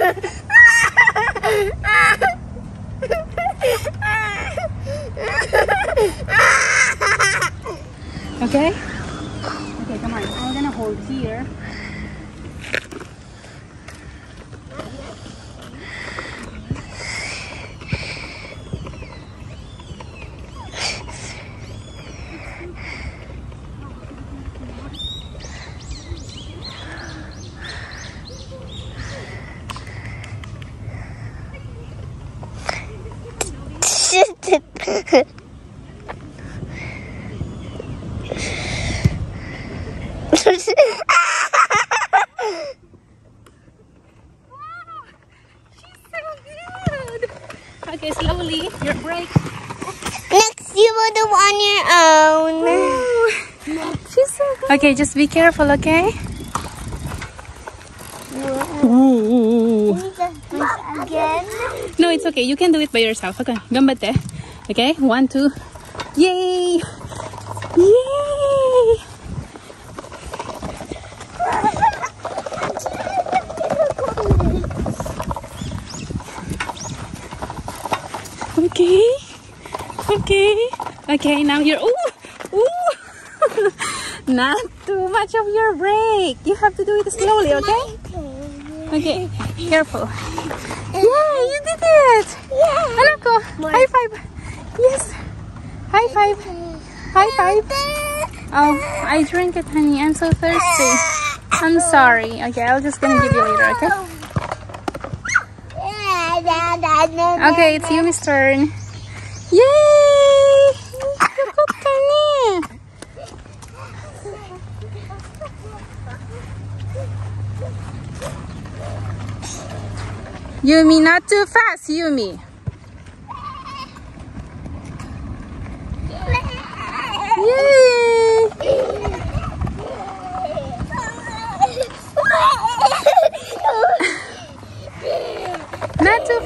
okay? Okay, come on. I'm gonna hold here. Okay, slowly. Your break. Next, you will do on your own. Okay, just be careful, okay? Ooh. No, it's okay. You can do it by yourself. Okay, gambate. Okay, one, two, yay! Yay! Okay, okay, okay, now you're, ooh, ooh, not too much of your break. You have to do it slowly, okay? Okay, careful. Yeah, you did it! Yeah! Hello, High five! Yes. High five. High five. Oh, I drink it, honey. I'm so thirsty. I'm sorry. Okay, i will just gonna give you later, okay? Okay, it's Yumi's turn. Yay! Yumi, not too fast, Yumi.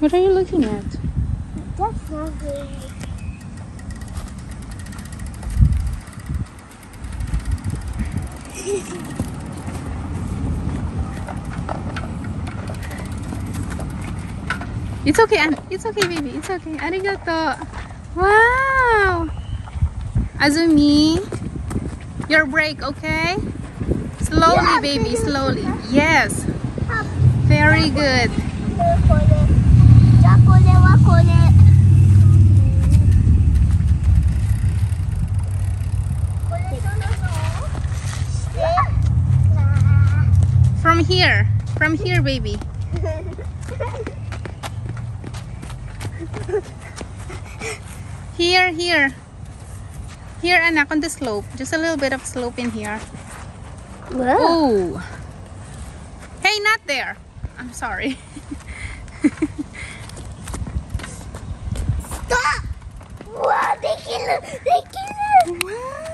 What are you looking at? That's not It's okay, Anne. It's okay, baby. It's okay. Arigato. Wow. Azumi, your break, okay? Slowly, yeah, baby, slowly. Yes. Very good. From here, baby. here, here. Here, anak, on the slope. Just a little bit of slope in here. Whoa. Oh. Hey, not there. I'm sorry. Stop! Wow, they killed They killed Wow.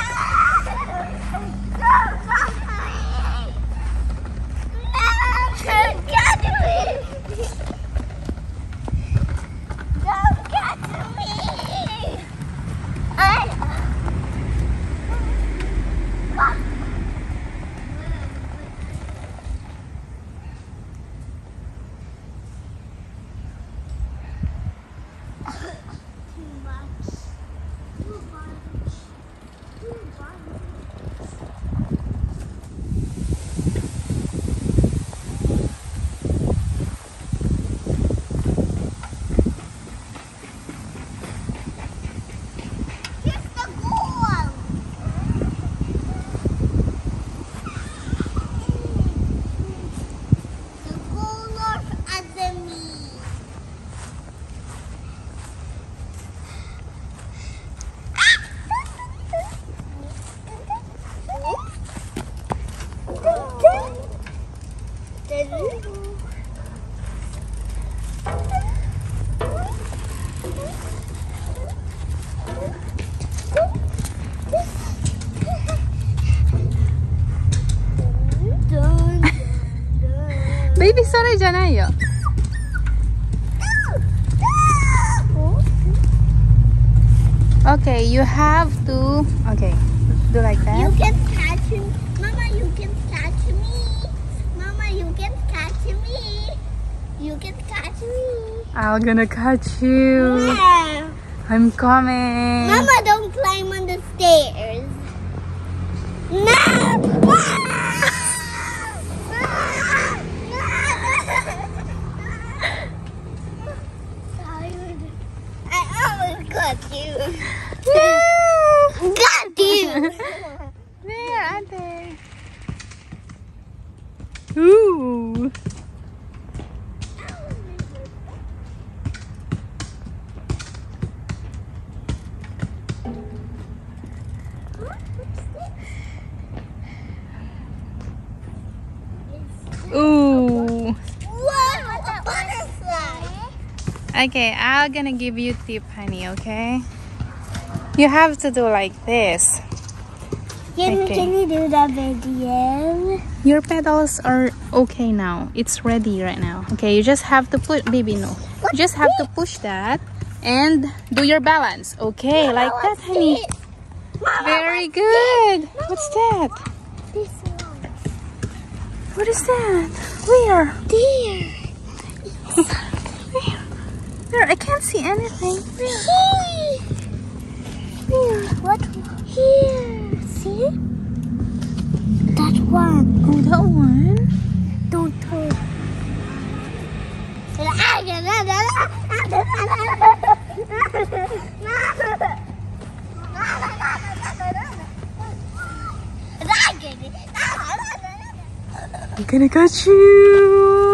それじゃないよ Okay, you have to. Okay, do like that. You can catch me, Mama. You can catch me, Mama. You can catch me. You can catch me. I'm gonna catch you. Yeah. I'm coming. Mama, don't climb on the stairs. Okay, I'm gonna give you tip, honey, okay? You have to do like this. Can, okay. can you do the video? Your pedals are okay now. It's ready right now. Okay, you just have to put, baby, no. You just have to push that and do your balance. Okay, Mama, like that, honey. Very good. What's that? What is that? Where? There. There, I can't see anything. Here. What? Here. See? That one. Oh, that one? Don't talk. I'm gonna catch you!